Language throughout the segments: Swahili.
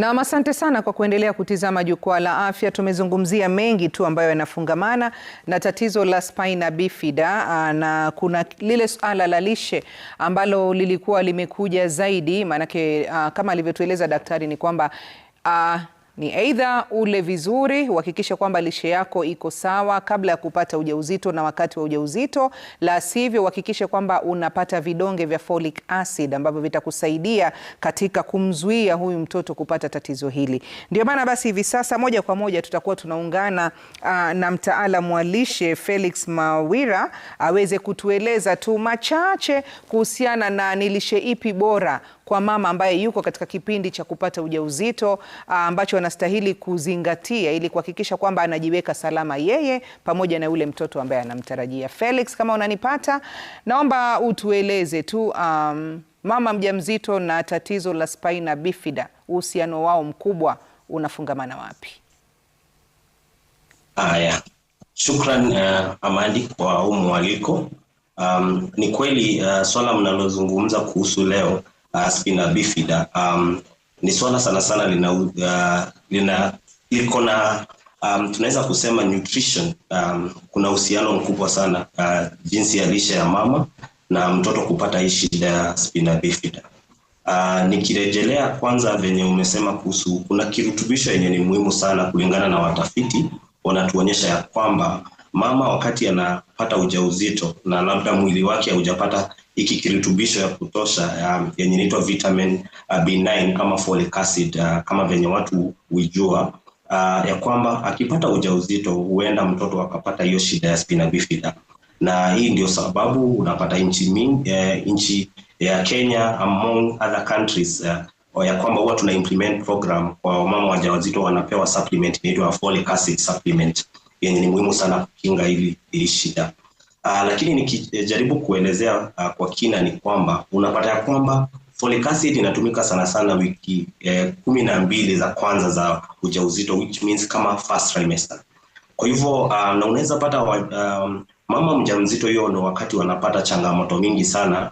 Nam, asante sana kwa kuendelea kutizama Jukwaa la Afya. Tumezungumzia mengi tu ambayo yanafungamana na tatizo la spina bifida, ah, na kuna lile suala la lishe ambalo lilikuwa limekuja zaidi, maanake ah, kama alivyotueleza daktari ni kwamba ah, ni aidha ule vizuri, uhakikishe kwamba lishe yako iko sawa kabla ya kupata ujauzito na wakati wa ujauzito, la sivyo uhakikishe kwamba unapata vidonge vya folic acid ambavyo vitakusaidia katika kumzuia huyu mtoto kupata tatizo hili. Ndio maana basi hivi sasa moja kwa moja tutakuwa tunaungana ah, na mtaalamu wa lishe Felix Mawira aweze kutueleza tu machache kuhusiana na ni lishe ipi bora kwa mama ambaye yuko katika kipindi cha kupata ujauzito ah, ambacho anastahili kuzingatia ili kuhakikisha kwamba anajiweka salama yeye pamoja na yule mtoto ambaye anamtarajia. Felix, kama unanipata, naomba utueleze tu um, mama mjamzito na tatizo la spina bifida, uhusiano wao mkubwa unafungamana wapi? Haya, shukran uh, Amadi kwa umu mwaliko. Um, ni kweli uh, swala mnalozungumza kuhusu leo uh, ah, spina bifida um, ni swala sana sana lina, uh, lina liko na um, tunaweza kusema nutrition um, kuna uhusiano mkubwa sana uh, jinsi ya lishe ya mama na mtoto kupata hii shida ya spina bifida. Uh, nikirejelea kwanza venye umesema kuhusu, kuna kirutubisho yenye ni muhimu sana kulingana na watafiti wanatuonyesha ya kwamba mama wakati anapata ujauzito na labda mwili wake haujapata hiki kirutubisho ya kutosha um, yenye inaitwa vitamin uh, B9 kama folic acid uh, kama venye watu hujua uh, ya kwamba akipata ujauzito huenda mtoto akapata hiyo shida ya spina bifida, na hii ndio sababu unapata nchi eh, nchi ya Kenya among other countries uh, ya kwamba huwa tuna implement program kwa wamama wajawazito, wanapewa supplement inaitwa folic acid supplement yenye ni muhimu sana kukinga hili, hili shida. Uh, lakini nikijaribu kuelezea uh, kwa kina ni kwamba unapata ya kwamba folic acid inatumika sana sana wiki eh, kumi na mbili za kwanza za ujauzito which means kama first trimester. Kwa hivyo uh, na unaweza pata wa, um, mama mjamzito hiyo ndo wakati wanapata changamoto mingi sana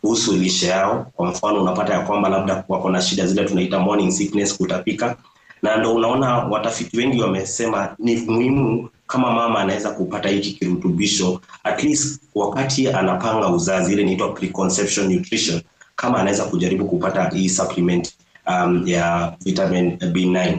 kuhusu uh, lishe yao. Kwa mfano unapata ya kwamba labda wako na shida zile tunaita morning sickness, kutapika, na ndo unaona watafiti wengi wamesema ni muhimu kama mama anaweza kupata hiki kirutubisho at least wakati anapanga uzazi, ile inaitwa preconception nutrition, kama anaweza kujaribu kupata hii supplement um, ya vitamin B9.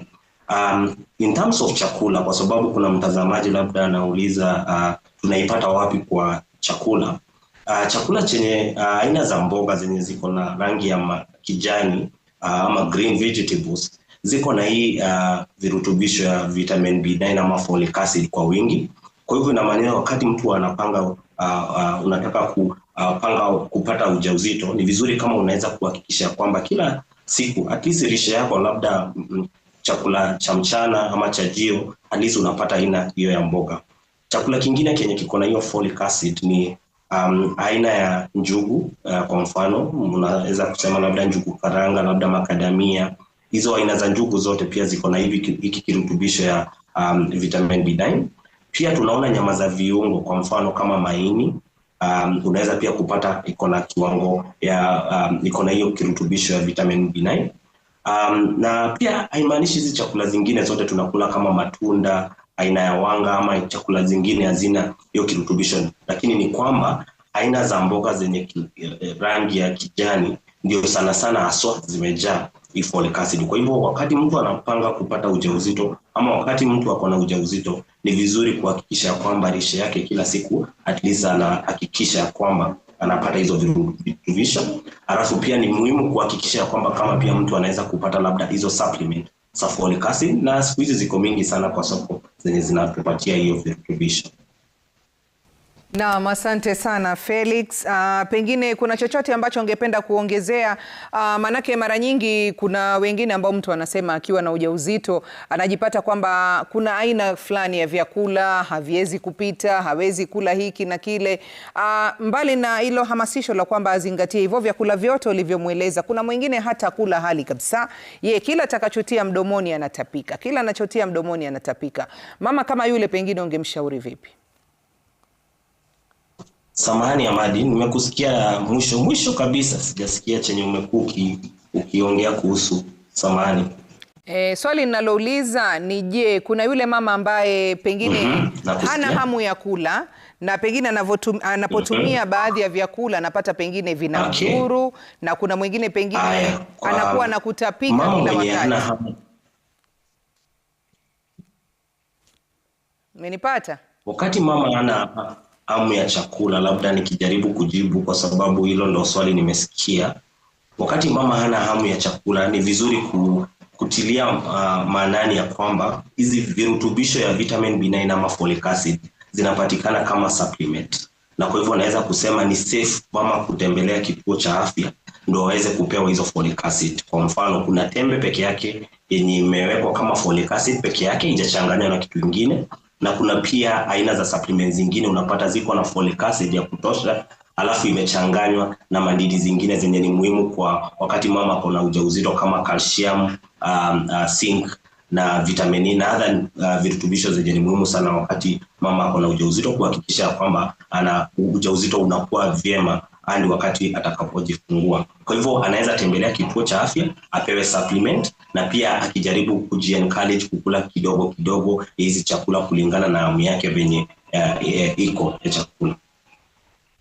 Um, in terms of chakula, kwa sababu kuna mtazamaji labda anauliza uh, tunaipata wapi kwa chakula uh, chakula chenye uh, aina uh, za mboga zenye ziko na rangi ya kijani uh, ama green vegetables ziko na hii uh, virutubisho ya vitamin B9 ama folic acid kwa wingi. Kwa hivyo inamaanisha wakati mtu anapanga uh, uh, unataka kupanga uh, kupata ujauzito, ni vizuri kama unaweza kuhakikisha kwamba kila siku at least lishe yako labda mm, chakula cha mchana ama chajio at least unapata aina hiyo ya mboga. Chakula kingine kenye kiko na hiyo folic acid ni um, aina ya njugu uh, kwa mfano unaweza kusema labda njugu karanga, labda makadamia hizo aina za njugu zote pia ziko na hivi hiki kirutubisho ya um, vitamin B9. Pia tunaona nyama za viungo kwa mfano kama maini um, unaweza pia kupata iko na kiwango ya um, iko na hiyo kirutubisho ya vitamin B9. Um, na pia haimaanishi hizi chakula zingine zote tunakula kama matunda aina ya wanga ama chakula zingine hazina hiyo kirutubisho, lakini ni kwamba aina za mboga zenye eh, rangi ya kijani ndio sana sana haswa zimejaa hii folic acid. Kwa hivyo wakati mtu anapanga kupata ujauzito ama wakati mtu ako na ujauzito, ni vizuri kuhakikisha kwamba lishe yake kila siku at least anahakikisha kwamba anapata hizo virutubisho. Alafu pia ni muhimu kuhakikisha kwamba kama pia mtu anaweza kupata labda hizo supplement za folic acid, na siku hizi ziko mingi sana kwa soko zenye zinatupatia hiyo virutubisho. Naam, asante sana Felix. Uh, pengine kuna chochote ambacho ungependa kuongezea? Uh, ah, maanake mara nyingi kuna wengine ambao mtu anasema akiwa na ujauzito anajipata kwamba kuna aina fulani ya vyakula haviwezi kupita, hawezi kula hiki na kile. Uh, mbali na hilo hamasisho la kwamba azingatie hivyo vyakula vyote ulivyomweleza, kuna mwingine hata kula hali kabisa. Ye kila atakachotia mdomoni anatapika, kila anachotia mdomoni anatapika. Mama kama yule, pengine ungemshauri vipi? samahani ya madi nimekusikia mwisho mwisho kabisa sijasikia chenye umekuwa ukiongea kuhusu samahani E, swali ninalouliza ni je, kuna yule mama ambaye pengine mm -hmm, hana hamu ya kula na pengine anapotumia mm -hmm, baadhi ya vyakula anapata pengine vina mdhuru okay, na kuna mwingine pengine Aya, anakuwa na kutapika kila wakati. Umenipata? Wakati mama hana hamu ya chakula, labda nikijaribu kujibu, kwa sababu hilo ndo swali nimesikia. Wakati mama hana hamu ya chakula, ni vizuri kutilia uh, maanani ya kwamba hizi virutubisho ya vitamin B9 ama folic acid zinapatikana kama supplement, na kwa hivyo naweza kusema ni safe mama kutembelea kituo cha afya ndo waweze kupewa hizo folic acid. Kwa mfano, kuna tembe peke yake yenye imewekwa kama folic acid peke yake, ijachanganywa na kitu kingine na kuna pia aina za supplements zingine unapata ziko na folic acid ya kutosha alafu imechanganywa na madini zingine zenye ni muhimu kwa wakati mama na ujauzito kama calcium um, uh, zinc na vitamini e na hata uh, virutubisho zenye ni muhimu sana wakati mama na ujauzito kuhakikisha kwamba ana ujauzito unakuwa vyema hadi wakati atakapojifungua. Kwa hivyo anaweza tembelea kituo cha afya apewe supplement, na pia akijaribu kujiencourage kukula kidogo kidogo hizi chakula kulingana na hamu yake venye uh, uh, iko ya chakula.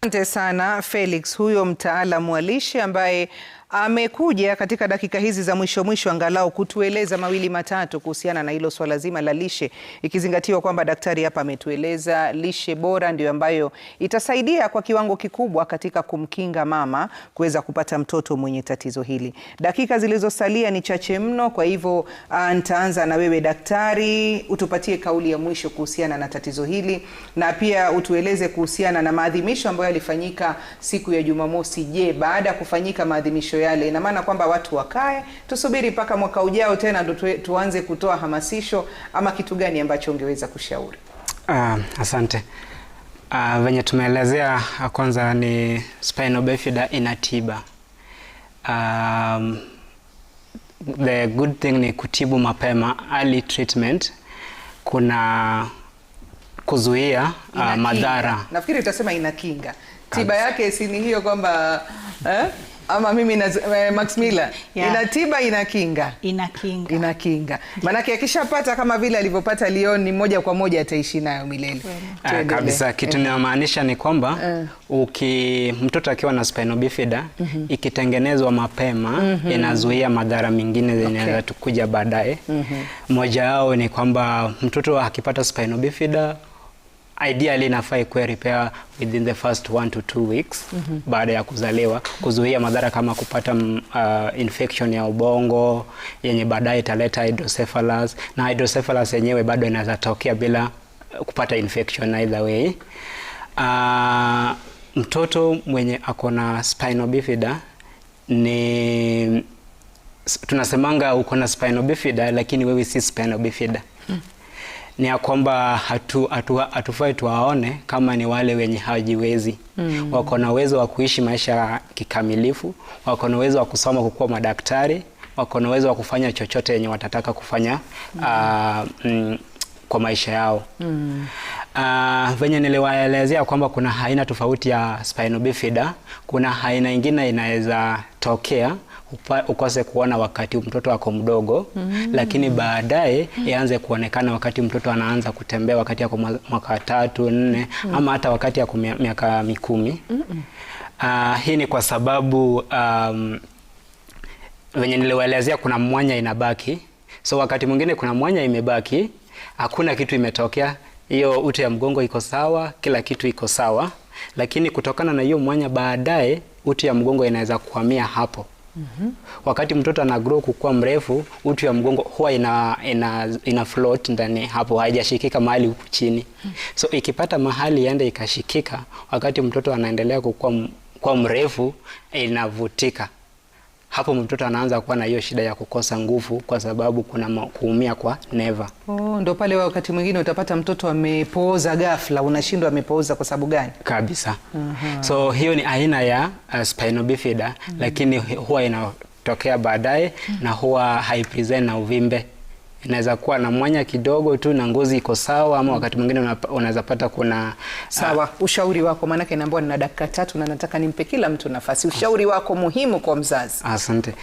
Asante sana Felix, huyo mtaalamu wa lishe ambaye amekuja katika dakika hizi za mwisho mwisho angalau kutueleza mawili matatu kuhusiana na hilo swala zima la lishe, ikizingatiwa kwamba daktari hapa ametueleza lishe bora ndio ambayo itasaidia kwa kiwango kikubwa katika kumkinga mama kuweza kupata mtoto mwenye tatizo hili. Dakika zilizosalia ni chache mno, kwa hivyo ah, nitaanza na wewe daktari, utupatie kauli ya mwisho kuhusiana na tatizo hili na pia utueleze kuhusiana na maadhimisho ambayo yalifanyika siku ya Jumamosi. Je, baada ya kufanyika maadhimisho maadhimisho yale. Ina maana kwamba watu wakae, tusubiri mpaka mwaka ujao tena ndo tuanze kutoa hamasisho, ama kitu gani ambacho ungeweza kushauri? Uh, asante. Uh, venye tumeelezea ah, kwanza ni spina bifida ina tiba. Um, the good thing ni kutibu mapema, early treatment kuna kuzuia uh, madhara. Nafikiri utasema ina kinga, tiba yake si ni hiyo kwamba eh? ama mimi na, eh, Max Miller yeah. Ina tiba ina kinga, ina kinga, ina kinga. Maanake akishapata kama vile alivyopata Lyon ni moja kwa moja ataishi nayo milele ah, kabisa. Eh. Kitu ninamaanisha ni kwamba eh. uki mtoto akiwa na spinal bifida mm -hmm. ikitengenezwa mapema mm -hmm. inazuia madhara mengine zinaweza okay. kuja baadaye mm -hmm. moja yao ni kwamba mtoto akipata spinal bifida ideally inafaa ikuwe repair within the first one to two weeks mm -hmm. baada ya kuzaliwa kuzuia madhara kama kupata mm, uh, infection ya ubongo yenye baadaye italeta hydrocephalus na hydrocephalus yenyewe bado inaweza tokea bila uh, kupata infection either way. Uh, mtoto mwenye ako na bifida ni tunasemanga uko na spina bifida lakini wewe si spinal bifida ni ya kwamba hatu, hatu, hatufai tuwaone kama ni wale wenye hawajiwezi. Mm. Wako na uwezo wa kuishi maisha kikamilifu, wako na uwezo wa kusoma kukuwa madaktari, wako na uwezo wa kufanya chochote yenye watataka kufanya mm. Uh, mm, kwa maisha yao mm. Uh, venye niliwaelezea kwamba kuna aina tofauti ya spinobifida kuna aina ingine inaweza tokea ukose kuona wakati mtoto ako mdogo mm -hmm. Lakini baadaye yaanze kuonekana wakati mtoto anaanza kutembea wakati ako mwaka tatu nne mm -hmm. ama hata wakati ako miaka mikumi mm -hmm. uh, hii ni kwa sababu um, venye niliwaelezea kuna mwanya inabaki, so wakati mwingine kuna mwanya imebaki, hakuna kitu imetokea, hiyo ute ya mgongo iko sawa, kila kitu iko sawa, lakini kutokana na hiyo mwanya, baadaye uti ya mgongo inaweza kuhamia hapo -hmm. Wakati mtoto grow kukua mrefu, uti wa mgongo huwa ina, ina, ina float ndani hapo, haijashikika mahali huku chini. Mm -hmm. So ikipata mahali yende ikashikika, wakati mtoto anaendelea kukua kwa mrefu, inavutika hapo mtoto anaanza kuwa na hiyo shida ya kukosa nguvu kwa sababu kuna kuumia kwa neva. Oh, ndo pale wakati mwingine utapata mtoto amepooza ghafla, unashindwa amepooza kwa sababu gani kabisa. Uh-huh. So hiyo ni aina ya uh, spina bifida, Uh-huh. lakini huwa inatokea baadaye, Uh-huh. na huwa haipresent na uvimbe inaweza kuwa na mwanya kidogo tu na ngozi iko sawa, ama mm. wakati mwingine unaweza pata kuna sawa. Uh, ushauri wako, maanake naambiwa nina dakika tatu na nataka nimpe kila mtu nafasi. Ushauri wako muhimu kwa mzazi. Asante.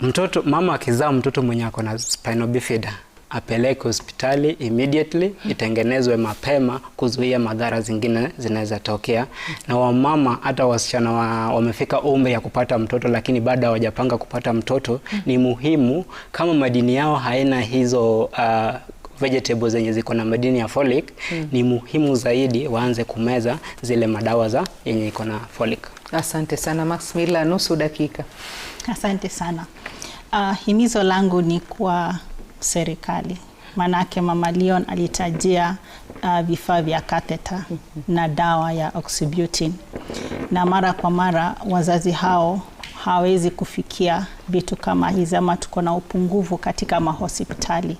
Mtoto mama akizaa mtoto mwenye ako na spina bifida apeleke hospitali immediately, itengenezwe mapema kuzuia madhara zingine zinaweza tokea. Na wamama hata wasichana wa, wamefika umri ya kupata mtoto lakini bado hawajapanga kupata mtoto, ni muhimu kama madini yao haina hizo uh, vegetables zenye ziko na madini ya folic mm. Ni muhimu zaidi waanze kumeza zile madawa za yenye iko na folic. Asante sana Miller, nusu dakika. Asante sana. Uh, himizo langu ni kwa serikali manake Mama Leon alitajia uh, vifaa vya katheta na dawa ya oxybutin, na mara kwa mara wazazi hao hawezi kufikia vitu kama hizi, ama tuko na upungufu katika mahospitali,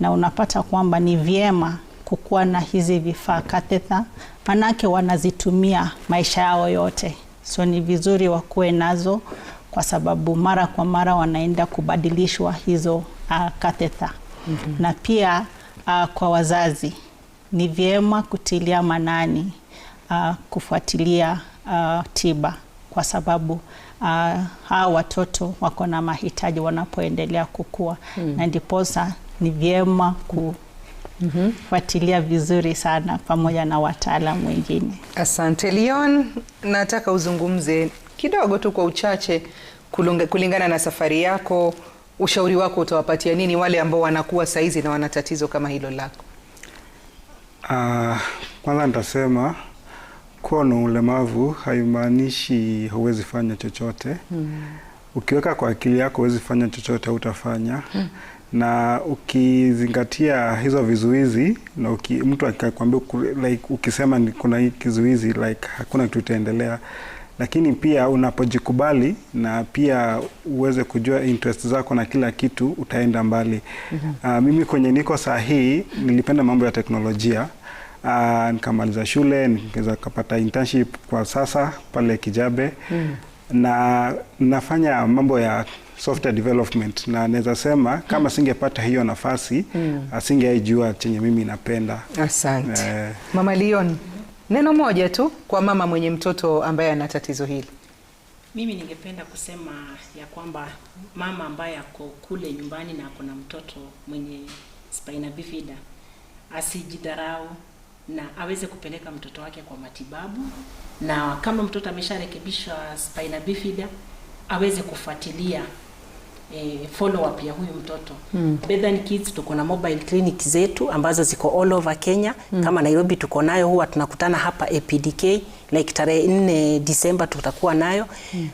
na unapata kwamba ni vyema kukuwa na hizi vifaa katheta, manake wanazitumia maisha yao yote, so ni vizuri wakuwe nazo, kwa sababu mara kwa mara wanaenda kubadilishwa hizo uh, katheta mm -hmm. na pia uh, kwa wazazi ni vyema kutilia manani uh, kufuatilia uh, tiba kwa sababu uh, hawa watoto wako na mahitaji wanapoendelea kukua mm. na ndiposa ni vyema ku Mm -hmm. vizuri sana pamoja na wataalamu wengine. Asante Leon, nataka uzungumze kidogo tu kwa uchache kulinga, kulingana na safari yako ushauri wako utawapatia nini wale ambao wanakuwa saizi na wana tatizo kama hilo lako? Uh, kwanza nitasema kuwa na ulemavu haimaanishi huwezi fanya chochote mm. Ukiweka kwa akili yako huwezi fanya chochote, hautafanya mm. Na ukizingatia hizo vizuizi na uki, mtu akikwambia like, ukisema kuna hii kizuizi like hakuna kitu itaendelea lakini pia unapojikubali na pia uweze kujua interest zako na kila kitu utaenda mbali. mm -hmm. Uh, mimi kwenye niko saa hii nilipenda mambo ya teknolojia uh, nikamaliza shule nikaweza kupata internship kwa sasa pale Kijabe. mm -hmm. na nafanya mambo ya software development na naweza sema kama mhm. singepata hiyo nafasi mm. asingeijua chenye mimi napenda. Asante. Eh, Mama Leon Neno moja tu kwa mama mwenye mtoto ambaye ana tatizo hili. Mimi ningependa kusema ya kwamba mama ambaye ako kule nyumbani na ako na mtoto mwenye spina bifida asijidharau na aweze kupeleka mtoto wake kwa matibabu, na kama mtoto amesharekebishwa spina bifida aweze kufuatilia eh, follow up ya huyu mtoto mm. Bethany Kids tuko na mobile clinic zetu ambazo ziko all over Kenya mm. Kama Nairobi tuko nayo, huwa tunakutana hapa APDK like tarehe 4 Disemba tutakuwa nayo mm.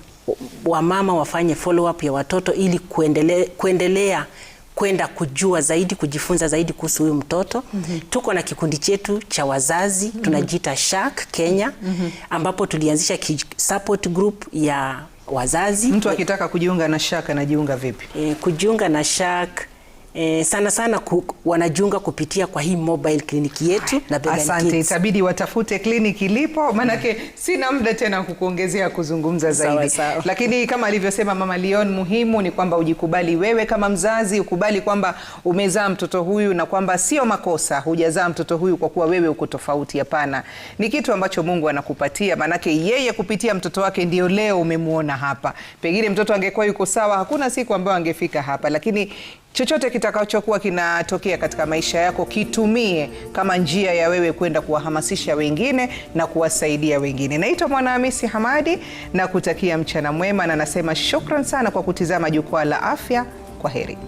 Wamama wafanye follow up ya watoto ili kuendele, kuendelea kwenda kujua zaidi kujifunza zaidi kuhusu huyu mtoto mm -hmm. Tuko na kikundi chetu cha wazazi mm -hmm. Tunajiita Shark Kenya mm -hmm. Ambapo tulianzisha support group ya wazazi. Mtu akitaka kujiunga na SHAK anajiunga vipi? E, kujiunga na SHAK Eh, sana sana ku, wanajiunga kupitia kwa hii mobile kliniki yetu na Bega. Asante Kids. Itabidi watafute kliniki ilipo maanake mm. Sina muda tena kukuongezea kuzungumza zaidi sawa, sawa. Lakini kama alivyosema Mama Leon, muhimu ni kwamba ujikubali wewe kama mzazi, ukubali kwamba umezaa mtoto huyu na kwamba sio makosa hujazaa mtoto huyu kwa kuwa wewe uko tofauti. Hapana, ni kitu ambacho Mungu anakupatia, maanake yeye kupitia mtoto wake ndio leo umemwona hapa. Pengine mtoto angekuwa yuko sawa, hakuna siku ambayo angefika hapa, lakini chochote kitakachokuwa kinatokea katika maisha yako kitumie kama njia ya wewe kwenda kuwahamasisha wengine na kuwasaidia wengine. Naitwa Mwanahamisi Hamadi na kutakia mchana mwema, na nasema shukran sana kwa kutizama Jukwaa la Afya. Kwa heri.